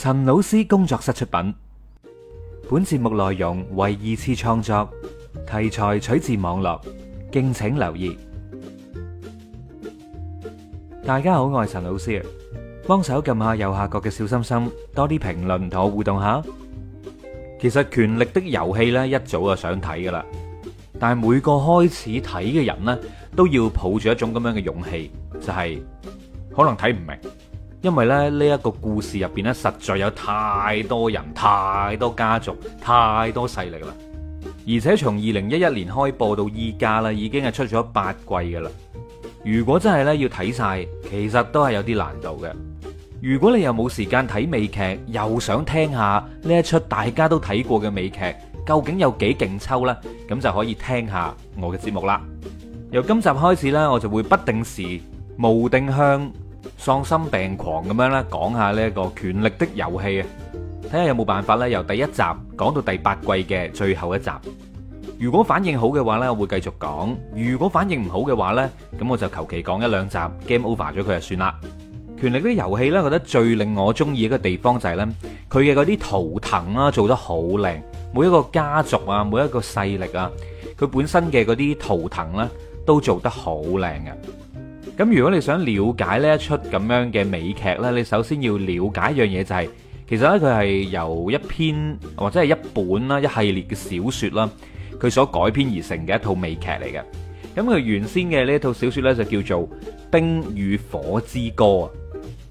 陳老師工作室出品，本節目內容為二次創作，題材取自網絡，敬請留意。大家好，我係陳老師，幫手撳下右下角嘅小心心，多啲評論同我互動下。其實《權力的遊戲》咧一早就想睇噶啦，但係每個開始睇嘅人咧，都要抱住一種咁樣嘅勇氣，就係可能睇唔明。因為咧呢一個故事入邊呢實在有太多人、太多家族、太多勢力啦。而且從二零一一年開播到依家啦，已經係出咗八季噶啦。如果真係呢要睇晒，其實都係有啲難度嘅。如果你又冇時間睇美劇，又想聽下呢一出大家都睇過嘅美劇，究竟有幾勁抽呢？咁就可以聽下我嘅節目啦。由今集開始呢，我就會不定時無定向。喪心病狂咁樣咧，講下呢一個權力的遊戲啊，睇下有冇辦法咧，由第一集講到第八季嘅最後一集。如果反應好嘅話呢，我會繼續講；如果反應唔好嘅話呢，咁我就求其講一兩集，Game Over 咗佢就算啦。權力啲遊戲呢，覺得最令我中意嘅一個地方就係呢，佢嘅嗰啲圖騰做得好靚。每一個家族啊，每一個勢力啊，佢本身嘅嗰啲圖騰呢，都做得好靚嘅。咁如果你想了解呢一出咁樣嘅美劇呢，你首先要了解一樣嘢就係、是，其實呢，佢係由一篇或者係一本啦，一系列嘅小說啦，佢所改編而成嘅一套美劇嚟嘅。咁佢原先嘅呢一套小說呢，就叫做《冰與火之歌》啊。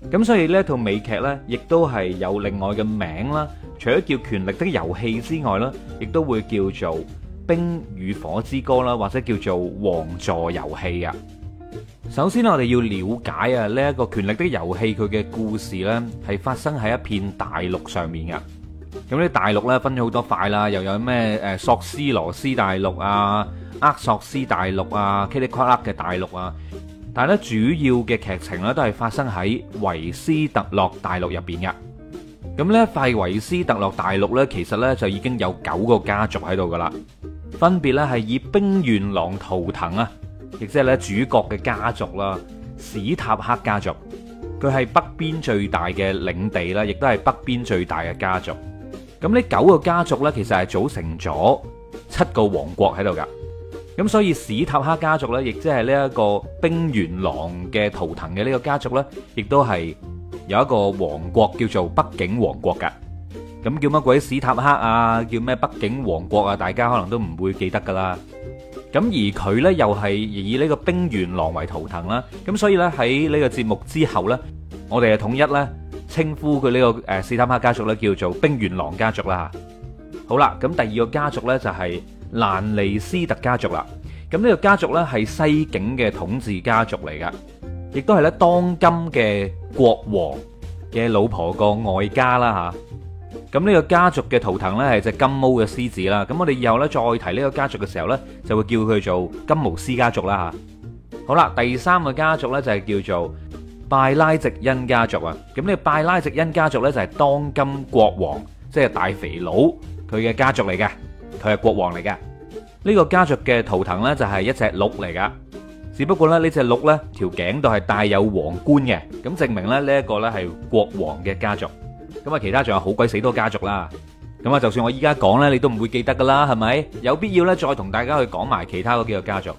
咁所以呢一套美劇呢，亦都係有另外嘅名啦，除咗叫《權力的遊戲》之外呢，亦都會叫做《冰與火之歌》啦，或者叫做《王座遊戲》啊。首先我哋要了解啊，呢、這、一個權力的遊戲佢嘅故事呢係發生喺一片大陸上面噶。咁呢大陸呢，分咗好多塊啦，又有咩誒索斯羅斯大陸啊、厄索斯大陸啊、嘰里呱啦嘅大陸啊。但係咧，主要嘅劇情呢都係發生喺維斯特洛大陸入邊嘅。咁呢一塊維斯特洛大陸呢，其實呢，就已經有九個家族喺度噶啦，分別呢係以冰原狼圖騰啊。亦即係咧，是主角嘅家族啦，史塔克家族，佢係北邊最大嘅領地啦，亦都係北邊最大嘅家族。咁呢九個家族呢，其實係組成咗七個王國喺度噶。咁所以史塔克家族呢，亦即係呢一個冰原狼嘅圖騰嘅呢個家族呢，亦都係有一個王國叫做北境王國噶。咁叫乜鬼史塔克啊？叫咩北境王國啊？大家可能都唔會記得噶啦。咁而佢咧又係以呢個冰原狼為圖騰啦，咁所以咧喺呢個節目之後咧，我哋啊統一咧稱呼佢呢個誒斯坦克家族咧叫做冰原狼家族啦吓。好啦，咁第二個家族咧就係蘭尼斯特家族啦。咁呢個家族咧係西境嘅統治家族嚟噶，亦都係咧當今嘅國王嘅老婆個外家啦吓。咁呢個家族嘅圖騰咧係隻金毛嘅獅子啦，咁我哋以後咧再提呢個家族嘅時候咧，就會叫佢做金毛獅家族啦吓。好啦，第三個家族咧就係叫做拜拉席恩家族啊。咁呢個拜拉席恩家族咧就係當今國王，即係大肥佬佢嘅家族嚟嘅，佢係國王嚟嘅。呢個家族嘅圖騰咧就係一隻鹿嚟噶，只不過咧呢隻鹿咧條頸度係帶有皇冠嘅，咁證明咧呢一個咧係國王嘅家族。咁啊，其他仲有好鬼死多家族啦！咁啊，就算我依家講咧，你都唔會記得噶啦，係咪？有必要咧，再同大家去講埋其他嗰幾個家族。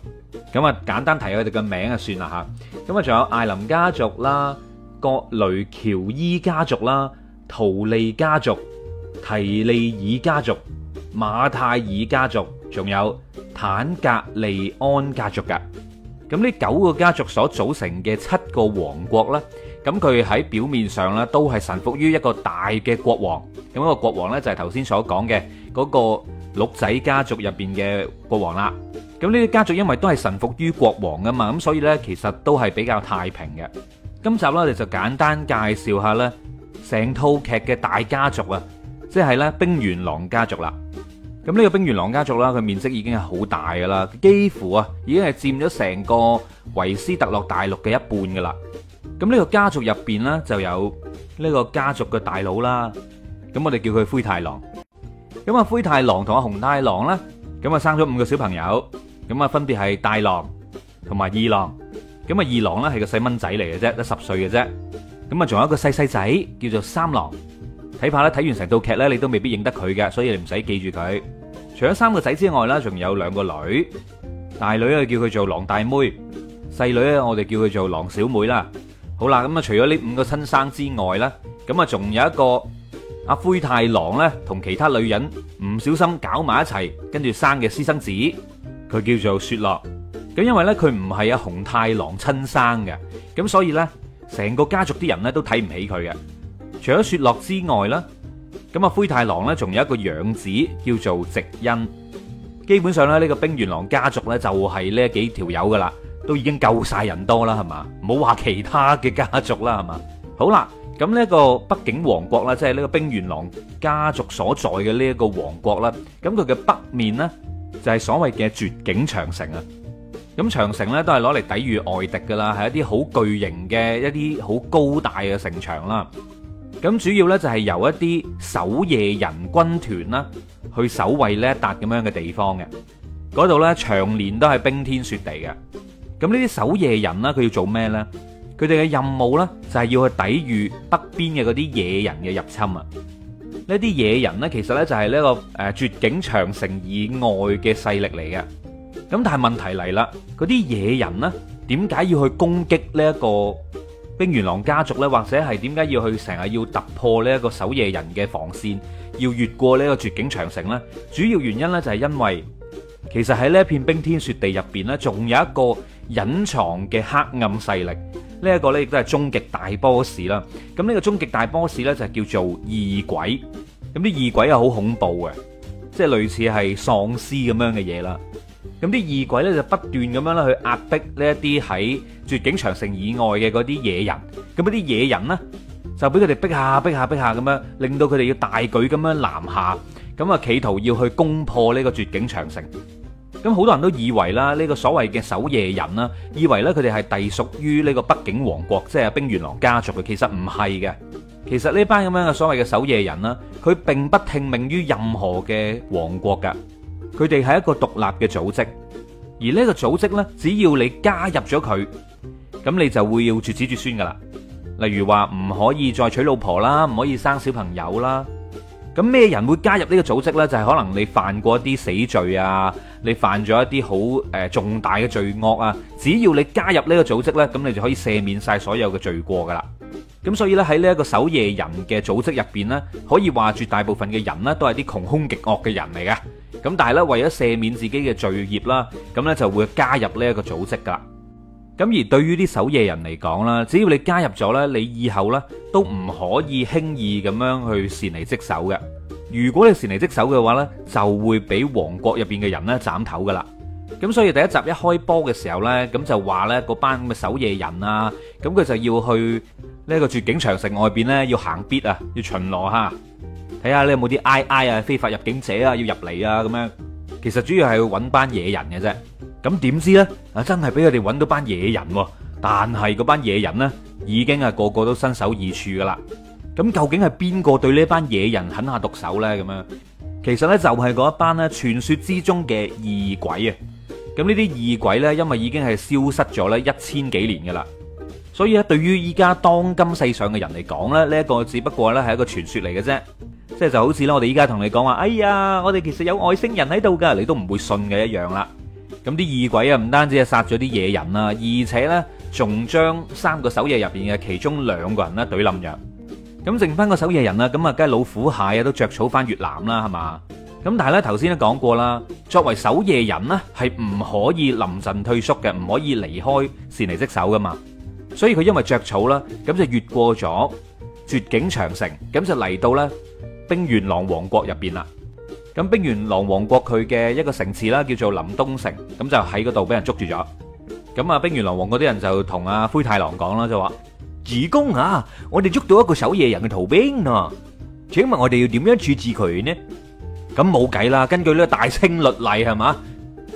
咁啊，簡單提佢哋嘅名啊，算啦吓，咁啊，仲有艾林家族啦、葛雷喬伊家族啦、圖利家族、提利爾家族、馬泰爾家族，仲有坦格利安家族噶。咁呢九個家族所組成嘅七個王國啦。咁佢喺表面上咧，都係臣服於一個大嘅國王。咁、那個國王呢，就係頭先所講嘅嗰個鹿仔家族入面嘅國王啦。咁呢啲家族因為都係臣服於國王㗎嘛，咁所以呢，其實都係比較太平嘅。今集呢，我哋就簡單介紹下呢成套劇嘅大家族啊，即係呢冰原狼家族啦。咁呢個冰原狼家族啦，佢面積已經係好大噶啦，幾乎啊已經係佔咗成個維斯特洛大陸嘅一半噶啦。咁呢個家族入邊咧就有呢個家族嘅大佬啦，咁我哋叫佢灰太狼。咁啊灰太狼同阿紅太狼咧，咁啊生咗五個小朋友，咁啊分別係大狼同埋二狼。咁啊二狼咧係個細蚊仔嚟嘅啫，得十歲嘅啫。咁啊仲有一個細細仔叫做三狼，睇怕咧睇完成套劇咧，你都未必認得佢嘅，所以你唔使記住佢。除咗三個仔之外啦，仲有兩個女，大女啊叫佢做狼大妹，細女咧我哋叫佢做狼小妹啦。好啦，咁啊除咗呢五個親生之外呢，咁啊仲有一個阿灰太狼呢，同其他女人唔小心搞埋一齊，跟住生嘅私生子，佢叫做雪落。咁因為呢，佢唔係阿紅太狼親生嘅，咁所以呢，成個家族啲人呢都睇唔起佢嘅。除咗雪落之外啦，咁啊灰太狼呢，仲有一個養子叫做植恩。基本上咧，呢個冰原狼家族呢，就係呢幾條友噶啦。都已經夠晒人多啦，係嘛？唔好話其他嘅家族啦，係嘛？好啦，咁呢個北境王國啦，即係呢個冰原狼家族所在嘅呢一個王國啦。咁佢嘅北面呢，就係所謂嘅絕境長城啊。咁長城呢，都係攞嚟抵禦外敵噶啦，係一啲好巨型嘅一啲好高大嘅城牆啦。咁主要呢，就係由一啲守夜人軍團啦，去守衛呢一笪咁樣嘅地方嘅。嗰度呢，長年都係冰天雪地嘅。咁呢啲守夜人啦，佢要做咩呢？佢哋嘅任務呢，就係要去抵御北邊嘅嗰啲野人嘅入侵啊！呢一啲野人呢，其實呢就係呢一個誒絕境長城以外嘅勢力嚟嘅。咁但係問題嚟啦，嗰啲野人呢，點解要去攻擊呢一個冰原狼家族呢？或者係點解要去成日要突破呢一個守夜人嘅防線，要越過呢個絕境長城呢？主要原因呢就係因為，其實喺呢一片冰天雪地入邊呢，仲有一個。隱藏嘅黑暗勢力，呢、這、一個呢亦都係終極大 boss 啦。咁、這、呢個終極大 boss 就叫做異鬼。咁啲異鬼又好恐怖嘅，即係類似係喪屍咁樣嘅嘢啦。咁啲異鬼呢，就不斷咁樣咧去壓迫呢一啲喺絕境長城以外嘅嗰啲野人。咁啲野人呢，就俾佢哋逼下逼下逼下咁樣，令到佢哋要大舉咁樣南下，咁啊企圖要去攻破呢個絕境長城。咁好多人都以為啦，呢個所謂嘅守夜人啦，以為呢佢哋係隸屬於呢個北境王國，即係冰原狼家族嘅，其實唔係嘅。其實呢班咁樣嘅所謂嘅守夜人啦，佢並不聽命於任何嘅王國噶，佢哋係一個獨立嘅組織。而呢個組織呢，只要你加入咗佢，咁你就會要絕子絕孫噶啦。例如話唔可以再娶老婆啦，唔可以生小朋友啦。咁咩人會加入呢個組織呢？就係可能你犯過一啲死罪啊，你犯咗一啲好誒重大嘅罪惡啊，只要你加入呢個組織呢，咁你就可以赦免晒所有嘅罪過噶啦。咁所以咧，喺呢一個守夜人嘅組織入邊呢，可以話絕大部分嘅人呢，都係啲窮凶極惡嘅人嚟㗎。咁但係呢，為咗赦免自己嘅罪孽啦，咁呢就會加入呢一個組織噶啦。咁而對於啲守夜人嚟講啦，只要你加入咗呢，你以後呢都唔可以輕易咁樣去擅離職守嘅。如果你擅離職守嘅話呢，就會俾王國入邊嘅人呢斬頭噶啦。咁所以第一集一開波嘅時候呢，咁就話呢嗰班咁嘅守夜人啊，咁佢就要去呢個絕境長城外邊呢要行必啊，要巡邏下，睇下你有冇啲 I I 啊非法入境者啊要入嚟啊咁樣。其實主要係要揾班野人嘅啫。咁點知呢？啊，真係俾佢哋揾到班野人，但係嗰班野人呢，已經係個個都身首異處噶啦。咁究竟係邊個對呢班野人狠下毒手呢？咁樣其實呢就係嗰一班呢傳說之中嘅異鬼啊。咁呢啲異鬼呢，因為已經係消失咗呢一千幾年噶啦，所以咧對於依家當今世上嘅人嚟講咧，呢一個只不過呢係一個傳說嚟嘅啫，即係就好似呢我哋依家同你講話，哎呀，我哋其實有外星人喺度噶，你都唔會信嘅一樣啦。咁啲異鬼啊，唔單止係殺咗啲野人啦，而且呢，仲將三個守夜入邊嘅其中兩個人呢，懟冧咗。咁剩翻個守夜人啦，咁啊，梗係老虎蟹啊都着草翻越南啦，係嘛？咁但係呢，頭先都講過啦，作為守夜人呢，係唔可以臨陣退縮嘅，唔可以離開擅離職守噶嘛。所以佢因為着草啦，咁就越過咗絕境長城，咁就嚟到呢，冰原狼王國入邊啦。咁冰原狼王國佢嘅一個城市啦，叫做林東城，咁就喺嗰度俾人捉住咗。咁啊，冰原狼王國啲人就同阿灰太狼講啦，就話主公啊，我哋捉到一個守夜人嘅逃兵嗱，請問我哋要點樣處置佢呢？咁冇計啦，根據呢個大清律例係嘛，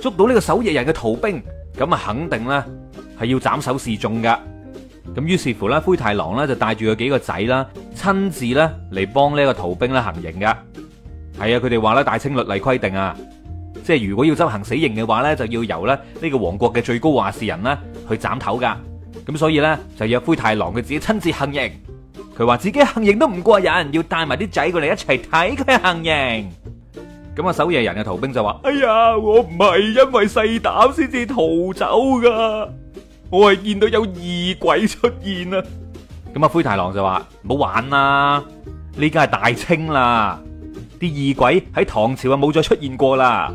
捉到呢個守夜人嘅逃兵，咁啊肯定咧係要斬首示眾噶。咁於是乎咧，灰太狼咧就帶住佢幾個仔啦，親自咧嚟幫呢個逃兵咧行刑噶。係啊，佢哋話《大清律例》規定啊，即係如果要執行死刑嘅話咧，就要由咧呢個王國嘅最高話事人去斬頭噶。咁所以咧就約灰太狼佢自己親自行刑。佢話自己行刑都唔過癮，要帶埋啲仔過嚟，一齊睇佢行刑。咁啊，守夜人嘅逃兵就話：哎呀，我唔係因為細膽先至逃走噶，我係見到有異鬼出現啊。咁啊，灰太狼就話：唔好玩啦，呢家係大清啦。啲異鬼喺唐朝啊冇再出現過啦，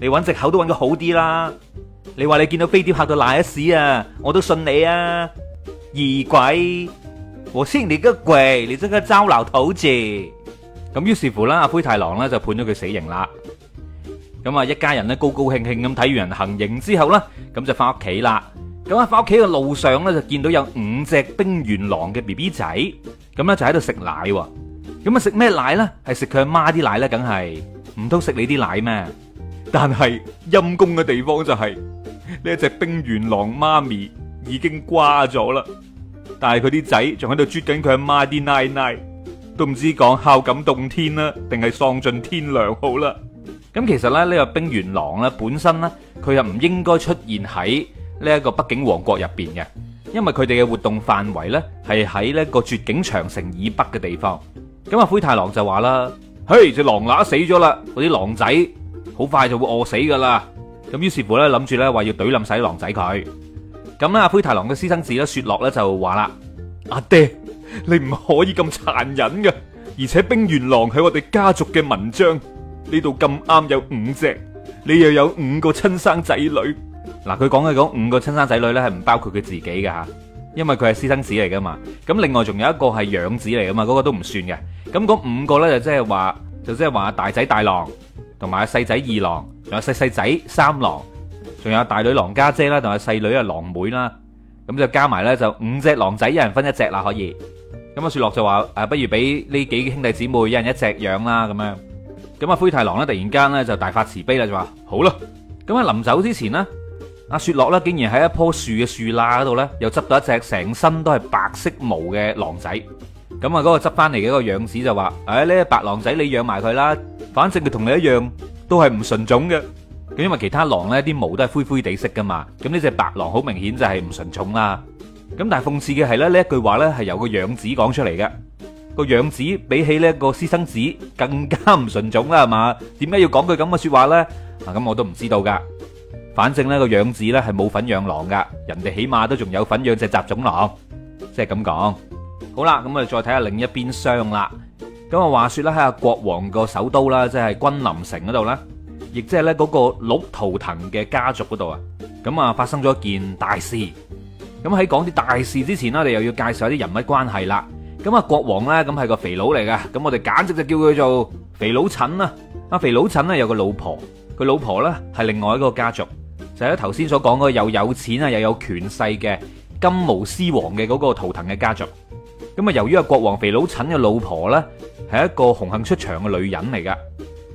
你揾藉口都揾到好啲啦。你話你見到飛碟嚇到瀨一屎啊，我都信你啊。異鬼，我先你個鬼，你即刻招流土字。咁於是乎啦，阿灰太狼咧就判咗佢死刑啦。咁啊，一家人咧高高興興咁睇完人行刑之後咧，咁就翻屋企啦。咁啊，翻屋企嘅路上咧就見到有五隻冰原狼嘅 B B 仔，咁咧就喺度食奶喎。咁啊！食咩奶呢？係食佢阿媽啲奶呢？梗係唔通食你啲奶咩？但係陰公嘅地方就係呢一隻冰原狼媽咪已經瓜咗啦，但係佢啲仔仲喺度啜緊佢阿媽啲奶奶，都唔知講孝感動天啦，定係喪盡天良好啦。咁其實咧呢個冰原狼咧本身咧佢又唔應該出現喺呢一個北境王國入邊嘅，因為佢哋嘅活動範圍咧係喺呢個絕境長城以北嘅地方。咁啊，灰太狼就話啦：嘿，隻狼乸死咗啦，嗰啲狼仔好快就會餓死噶啦。咁於是乎咧，諗住咧話要懟冧晒啲狼仔佢。咁咧,阿灰太狼嘅私生子咧雪諾咧就話啦：阿爹，你唔可以咁殘忍噶。而且冰原狼喺我哋家族嘅紋章呢度咁啱有五隻，你又有五個親生仔女。嗱，佢講嘅嗰五個親生仔女咧係唔包括佢自己嘅吓，因為佢係私生子嚟噶嘛。咁另外仲有一個係養子嚟噶嘛，嗰個都唔算嘅。咁嗰五個咧就即係話，就即係話阿大仔大狼，同埋阿細仔二狼，仲有細細仔三狼，仲有阿大女狼家姐啦，同埋細女啊狼妹啦。咁就加埋咧，就五隻狼仔，一人分一隻啦，可以。咁啊，阿雪落就話：誒，不如俾呢幾兄弟姊妹一人一隻養啦，咁樣。咁啊，灰太狼咧，突然間咧就大發慈悲啦，就話：好啦。咁啊，臨走之前咧，阿雪落咧，竟然喺一棵樹嘅樹罅嗰度咧，又執到一隻成身都係白色毛嘅狼仔。咁啊，嗰個執翻嚟嘅一個養子就話：唉，呢白狼仔你養埋佢啦，反正佢同你一樣，都係唔純種嘅。咁因為其他狼咧，啲毛都係灰灰地色噶嘛。咁呢隻白狼好明顯就係唔純種啦。咁但係諷刺嘅係咧，呢一句話咧係由個養子講出嚟嘅。個養子比起呢個私生子更加唔純種啦，係嘛？點解要講句咁嘅說話咧？啊，咁我都唔知道噶。反正咧個養子咧係冇份養狼噶，人哋起碼都仲有份養隻雜種狼，即係咁講。好啦，咁我哋再睇下另一邊廂啦。咁啊，話說咧，喺阿國王個首都啦，即係君臨城嗰度啦，亦即係咧嗰個鹿圖騰嘅家族嗰度啊。咁啊，發生咗件大事。咁喺講啲大事之前呢，我哋又要介紹一啲人物關係啦。咁啊，國王呢，咁係個肥佬嚟嘅，咁我哋簡直就叫佢做肥佬陳啦。阿肥佬陳呢，有個老婆，佢老婆呢，係另外一個家族，就係頭先所講嗰個又有錢啊又有，有權勢嘅金毛獅王嘅嗰個圖騰嘅家族。咁啊，由於阿國王肥佬陳嘅老婆咧，係一個紅杏出牆嘅女人嚟噶，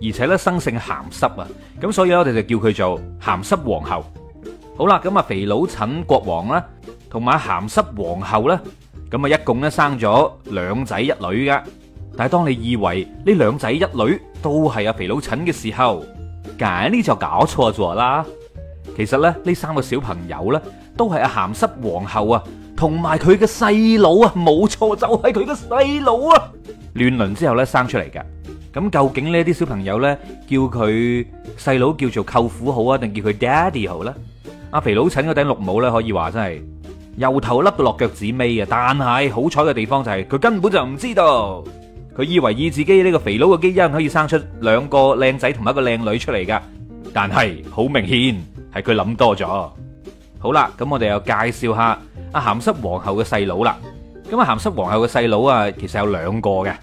而且咧生性鹹濕啊，咁所以我哋就叫佢做鹹濕皇后。好啦，咁啊，肥佬陳國王啦，同埋鹹濕皇后啦，咁啊一共咧生咗兩仔一女噶。但係當你以為呢兩仔一女都係阿肥佬陳嘅時候，梗係呢就搞錯咗啦。其實咧呢三個小朋友咧，都係阿鹹濕皇后啊。同埋佢嘅細佬啊，冇錯，就係佢嘅細佬啊，亂倫之後咧生出嚟噶。咁究竟呢一啲小朋友咧，叫佢細佬叫做舅父好啊，定叫佢 daddy 好咧？阿肥佬陳嗰頂綠帽咧，可以話真係由頭笠到落腳趾尾啊！但係好彩嘅地方就係，佢根本就唔知道，佢以為以自己呢個肥佬嘅基因可以生出兩個靚仔同一個靚女出嚟噶。但係好明顯係佢諗多咗。好啦，咁我哋又介紹下阿咸濕皇后嘅細佬啦。咁阿咸濕皇后嘅細佬啊，其實有兩個嘅。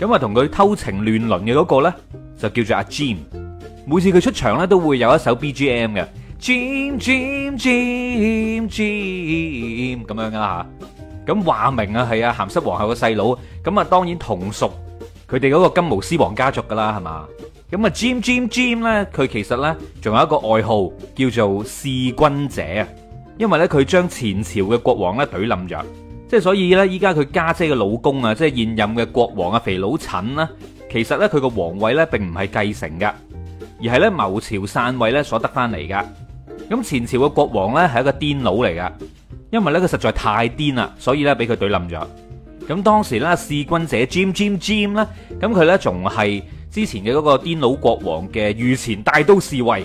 咁啊，同佢偷情亂倫嘅嗰個咧，就叫做阿 Jim。每次佢出場咧，都會有一首 BGM 嘅。Jim Jim Jim Jim 咁樣噶吓。咁話明啊，係阿咸濕皇后嘅細佬。咁啊，當然同屬佢哋嗰個金毛獅王家族噶啦，係嘛。咁啊，Jim Jim Jim 咧，佢其實咧仲有一個外號叫做弑君者啊。因為咧佢將前朝嘅國王咧懟冧咗，即係所以咧依家佢家姐嘅老公啊，即係現任嘅國王啊，肥佬陳呢，其實咧佢個皇位咧並唔係繼承噶，而係咧謀朝篡位咧所得翻嚟噶。咁前朝嘅國王咧係一個癲佬嚟噶，因為咧佢實在太癲啦，所以咧俾佢懟冧咗。咁當時咧弒君者 Jim Jim Jim 咧，咁佢咧仲係之前嘅嗰個癲佬國王嘅御前帶刀侍衛，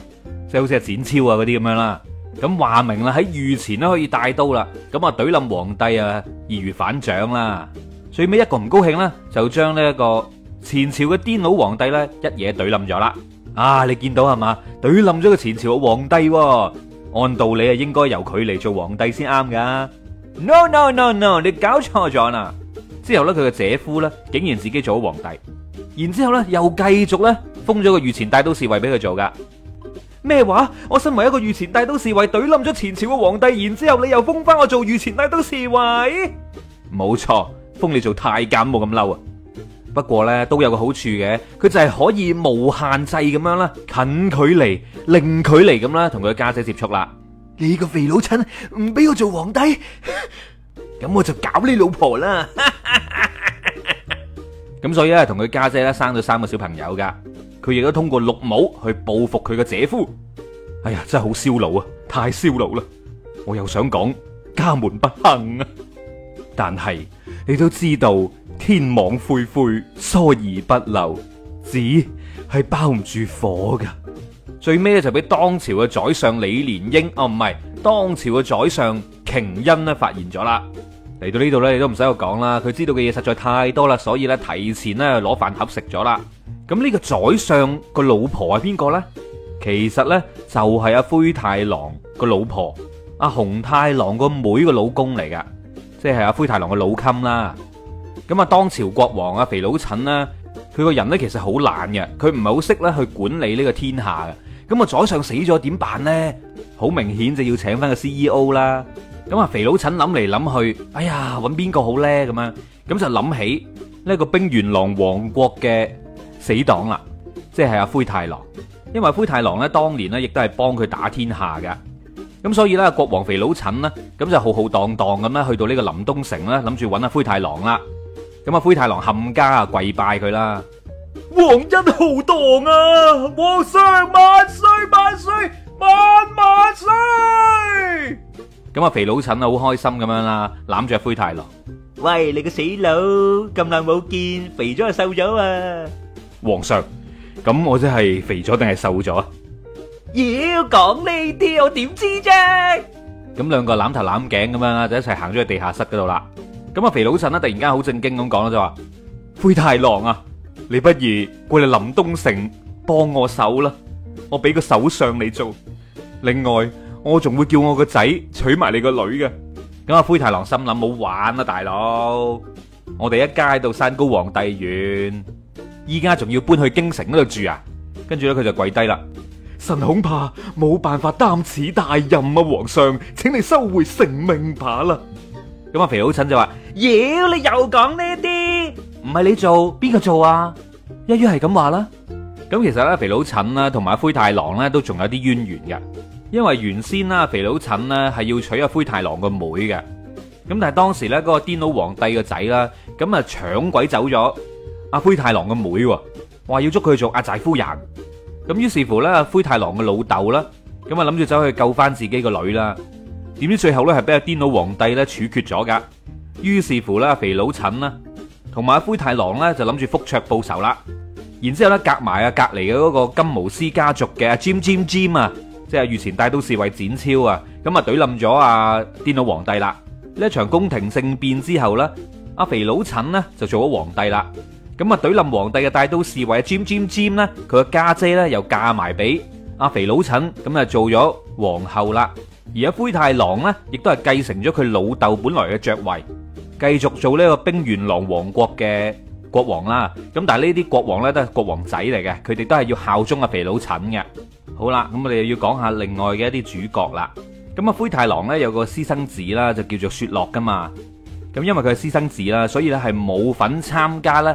即係好似阿展昭啊嗰啲咁樣啦。咁話明啦，喺御前都可以帶刀啦，咁啊懟冧皇帝啊，易如反掌啦。最尾一個唔高興咧，就將呢一個前朝嘅癲佬皇帝咧，一嘢懟冧咗啦。啊，你見到係嘛？懟冧咗個前朝嘅皇帝，按道理啊，應該由佢嚟做皇帝先啱噶。No no no no，你搞錯咗啦。之後咧，佢嘅姐夫咧，竟然自己做咗皇帝，然之後咧，又繼續咧封咗個御前帶刀侍衛俾佢做噶。咩話？我身為一個御前大都侍衛，懟冧咗前朝嘅皇帝，然之後你又封翻我做御前大都侍衛？冇錯，封你做太監冇咁嬲啊。不過咧都有個好處嘅，佢就係可以無限制咁樣啦，近距離、零距離咁啦，同佢家姐接觸啦。你個肥老襯唔俾我做皇帝，咁 我就搞你老婆啦。咁 所以咧，同佢家姐咧生咗三個小朋友噶。佢亦都通過綠帽去報復佢嘅姐夫，哎呀，真係好燒腦啊，太燒腦啦！我又想講家門不幸啊，但係你都知道天網恢恢疏而不漏，紙係包唔住火噶。最尾咧就俾當朝嘅宰相李蓮英哦，唔係當朝嘅宰相瓊恩咧發現咗啦。嚟到呢度咧，你都唔使我講啦，佢知道嘅嘢實在太多啦，所以咧提前咧攞飯盒食咗啦。咁呢個宰相個老婆係邊個呢？其實呢，就係、是、阿、啊、灰太狼個老婆，阿、啊、紅太狼個妹個老公嚟噶，即係阿、啊、灰太狼個老襟啦。咁啊，當朝國王啊，肥佬陳啦、啊，佢個人呢其實好懶嘅，佢唔係好識咧去管理呢個天下嘅。咁啊，宰相死咗點辦呢？好明顯就要請翻個 C E O 啦。咁啊，肥佬陳諗嚟諗去，哎呀，揾邊個好呢咁樣，咁就諗起呢、這個冰原狼王國嘅。死黨啦，即係阿灰太狼，因為灰太狼咧當年咧亦都係幫佢打天下嘅，咁所以咧國王肥佬陳呢，咁就浩浩蕩蕩咁咧去到呢個林東城咧，諗住揾阿灰太狼啦。咁啊，灰太狼冚家啊跪拜佢啦，皇恩浩蕩啊，皇上萬歲萬歲萬萬歲。咁啊，肥佬陳啊好開心咁樣啦，攬住阿灰太狼，喂，你個死佬，咁耐冇見，肥咗又瘦咗啊！皇上，咁我真係肥咗定係瘦咗啊？妖講呢啲，我點知啫？咁兩個攬頭攬頸咁樣就一齊行咗去地下室嗰度啦。咁啊，肥老臣呢突然間好正經咁講咗就話：灰太狼啊，你不如過嚟林東城幫我手啦，我俾個首相你做。另外，我仲會叫我個仔娶埋你個女嘅。咁啊，灰太狼心諗冇玩啦，大佬，我哋一街到山高皇帝遠。依家仲要搬去京城嗰度住啊！跟住咧，佢就跪低啦。臣恐怕冇辦法擔此大任啊，皇上，請你收回成命吧啦。咁啊，肥佬陳就話：妖、yeah，你又講呢啲，唔係你做，邊個做啊？一於係咁話啦。咁其實咧，肥佬陳同埋灰太狼咧，都仲有啲淵源嘅。因為原先啦，肥佬陳呢係要娶阿灰太狼個妹嘅。咁但係當時咧，嗰個癲佬皇帝個仔啦，咁啊搶鬼走咗。阿灰太狼嘅妹喎，話要捉佢做阿寨夫人，咁於是乎咧，阿灰太狼嘅老豆啦，咁啊諗住走去救翻自己個女啦，點知最後咧係俾阿癲佬皇帝咧處決咗噶，於是乎咧，肥佬陳啦，同埋阿灰太狼咧就諗住復卓報仇啦，然之後咧夾埋啊隔籬嘅嗰個金毛獅家族嘅阿尖尖尖啊，即係御前大都侍衛展昭啊，咁啊懟冧咗阿癲佬皇帝啦，呢一場宮廷政變之後咧，阿肥佬陳呢，就做咗皇帝啦。咁啊！懟冧皇帝嘅大都侍衛啊！尖尖尖咧，佢個家姐咧又嫁埋俾阿肥佬陳，咁啊做咗皇后啦。而阿灰太狼咧，亦都係繼承咗佢老豆本來嘅爵位，繼續做呢個冰原狼王國嘅國王啦。咁但係呢啲國王咧都係國王仔嚟嘅，佢哋都係要效忠阿肥佬陳嘅。好啦，咁我哋又要講下另外嘅一啲主角啦。咁啊，灰太狼咧有個私生子啦，就叫做雪落㗎嘛。咁因為佢係私生子啦，所以咧係冇份參加咧。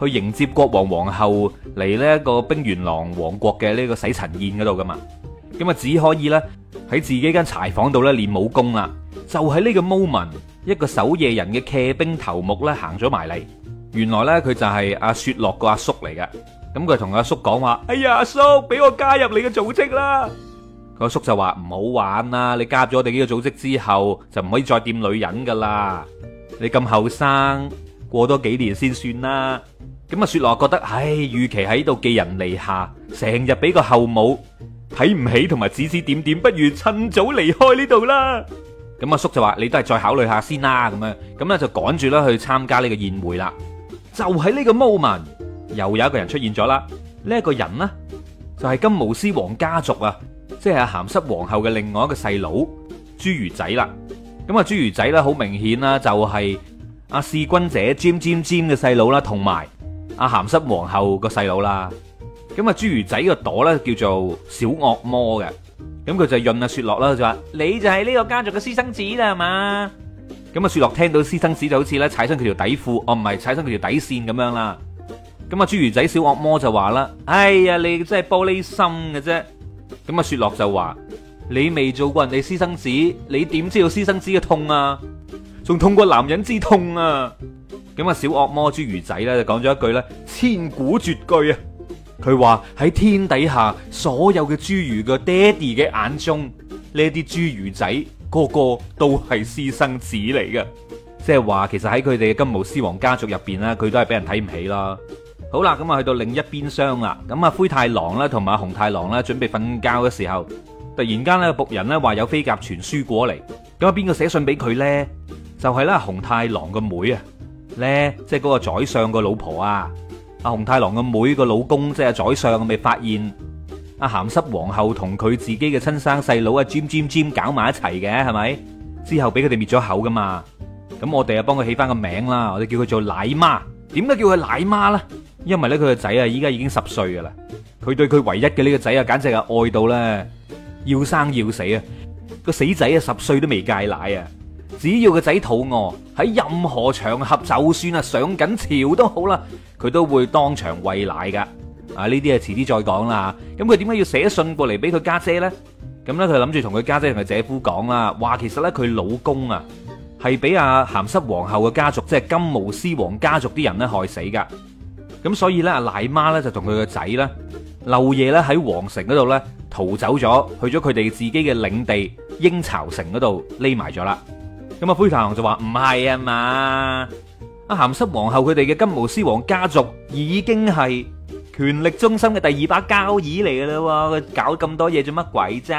去迎接國王、皇、皇后嚟呢一個冰原狼王國嘅呢個洗塵宴嗰度噶嘛，咁啊只可以呢，喺自己間柴房度呢練武功啦。就喺呢個 moment，一個守夜人嘅騎兵頭目呢行咗埋嚟，原來呢，佢就係阿雪落個阿叔嚟嘅。咁佢同阿叔講話：哎呀，阿叔，俾我加入你嘅組織啦！個叔、叔就話唔好玩啦，你加入咗我哋呢個組織之後，就唔可以再掂女人噶啦。你咁後生，過多幾年先算啦。咁阿雪羅覺得唉，與其喺度寄人籬下，成日俾個後母睇唔起，同埋指指點點，不如趁早離開呢度啦。咁阿叔就話：你都係再考慮下先啦。咁樣，咁咧就趕住啦去參加呢個宴會啦。就喺呢個 moment，又有一個人出現咗啦。呢、這、一個人呢，就係、是、金毛獅王家族啊，即係咸濕皇后嘅另外一個細佬侏儒仔啦。咁、就是、啊，侏儒仔咧好明顯啦，就係阿弑君者尖尖尖嘅細佬啦，同埋。阿咸濕皇后個細佬啦，咁啊侏儒仔個朵咧叫做小惡魔嘅，咁佢就潤啊雪落啦就話，你就係呢個家族嘅私生子啦係嘛？咁啊雪落聽到私生子就好似咧踩親佢條底褲，哦唔係踩親佢條底線咁樣啦，咁啊侏儒仔小惡魔就話啦，哎呀你真係玻璃心嘅啫，咁啊雪落就話，你未做過人哋私生子，你點知道私生子嘅痛啊，仲痛過男人之痛啊！咁啊，小惡魔侏儒仔咧就講咗一句咧，千古絕句啊！佢話喺天底下所有嘅侏儒嘅爹哋嘅眼中，呢啲侏儒仔個個都係私生子嚟嘅，即係話其實喺佢哋嘅金毛獅王家族入邊咧，佢都係俾人睇唔起啦。好啦，咁啊去到另一邊廂啦。咁啊，灰太狼啦同埋紅太狼啦，準備瞓覺嘅時候，突然間咧僕人咧話有飛鴿傳書過嚟。咁啊，邊個寫信俾佢咧？就係啦，紅太狼嘅妹啊！咧，即係嗰個宰相個老婆啊，阿紅太狼嘅妹個老公即係宰相，咪發現阿咸濕皇后同佢自己嘅親生細佬啊尖尖尖搞埋一齊嘅係咪？之後俾佢哋滅咗口噶嘛，咁我哋啊幫佢起翻個名啦，我哋叫佢做奶媽。點解叫佢奶媽咧？因為咧佢個仔啊，依家已經十歲噶啦，佢對佢唯一嘅呢個仔啊，簡直係愛到咧要生要死啊！個死仔啊，十歲都未戒奶啊！只要個仔肚餓，喺任何場合，就算啊上緊朝都好啦，佢都會當場喂奶噶。啊，呢啲啊遲啲再講啦。咁佢點解要寫信過嚟俾佢家姐呢？咁呢，佢諗住同佢家姐同佢姐夫講啦，話其實呢，佢老公啊係俾阿咸濕皇后嘅家族，即係金毛獅王家族啲人呢害死噶。咁所以呢，阿奶媽呢，就同佢個仔呢，漏夜咧喺皇城嗰度呢，逃走咗，去咗佢哋自己嘅領地鷹巢城嗰度匿埋咗啦。咁啊，灰太狼就話唔係啊嘛，阿咸濕皇后佢哋嘅金毛獅王家族已經係權力中心嘅第二把交椅嚟嘅啦，佢搞咁多嘢做乜鬼啫？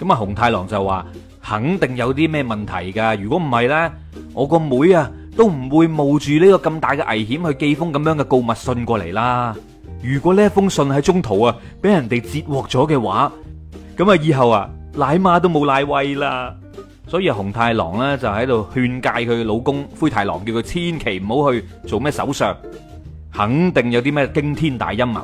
咁啊，紅太狼就話肯定有啲咩問題噶，如果唔係咧，我個妹啊都唔會冒住呢個咁大嘅危險去寄封咁樣嘅告密信過嚟啦。如果呢一封信喺中途啊俾人哋截獲咗嘅話，咁啊以後啊奶媽都冇奶喂啦。所以紅太狼咧就喺度勸誡佢老公灰太狼，叫佢千祈唔好去做咩首相，肯定有啲咩驚天大陰謀。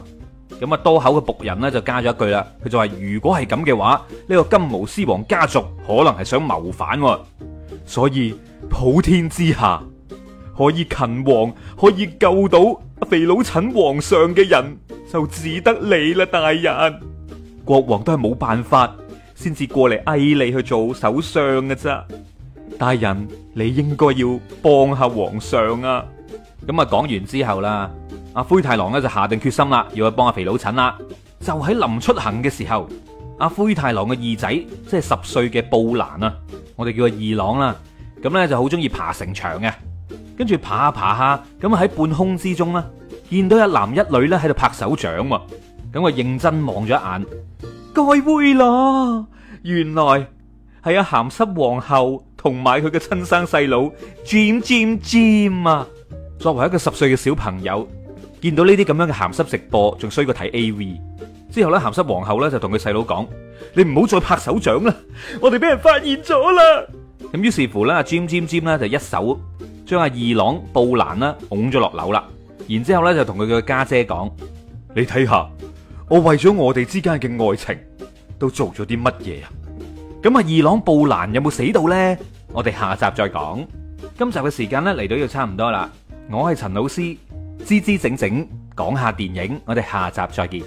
咁啊，多口嘅僕人咧就加咗一句啦，佢就話如果係咁嘅話，呢個金毛獅王家族可能係想謀反，所以普天之下可以勤王可以救到肥佬陳皇上嘅人，就只得你啦，大人。國王都係冇辦法，先至過嚟嗌你去做首相嘅啫，大人，你應該要幫下皇上啊！咁啊，講完之後啦，阿灰太狼咧就下定決心啦，要去幫阿肥佬陳啦。就喺臨出行嘅時候，阿灰太狼嘅二仔，即係十歲嘅布蘭啊，我哋叫佢二郎啦。咁咧就好中意爬城牆嘅，跟住爬下爬下，咁喺半空之中啦，見到一男一女咧喺度拍手掌，咁啊認真望咗一眼。該會啦，原來係阿鹹濕皇后同埋佢嘅親生細佬 Jim Jim Jim 啊！作為一個十歲嘅小朋友，見到呢啲咁樣嘅鹹濕直播，仲衰過睇 AV。之後咧，鹹濕皇后咧就同佢細佬講：你唔好再拍手掌啦，我哋俾人發現咗啦。咁於是乎咧，阿 Jim Jim Jim 咧就一手將阿二郎布蘭啦拱咗落樓啦，然之後咧就同佢嘅家姐講：你睇下。我為咗我哋之間嘅愛情，都做咗啲乜嘢啊？咁啊，二郎布蘭有冇死到呢？我哋下集再講。今集嘅時間呢嚟到要差唔多啦。我係陳老師，知知整整講下電影，我哋下集再見。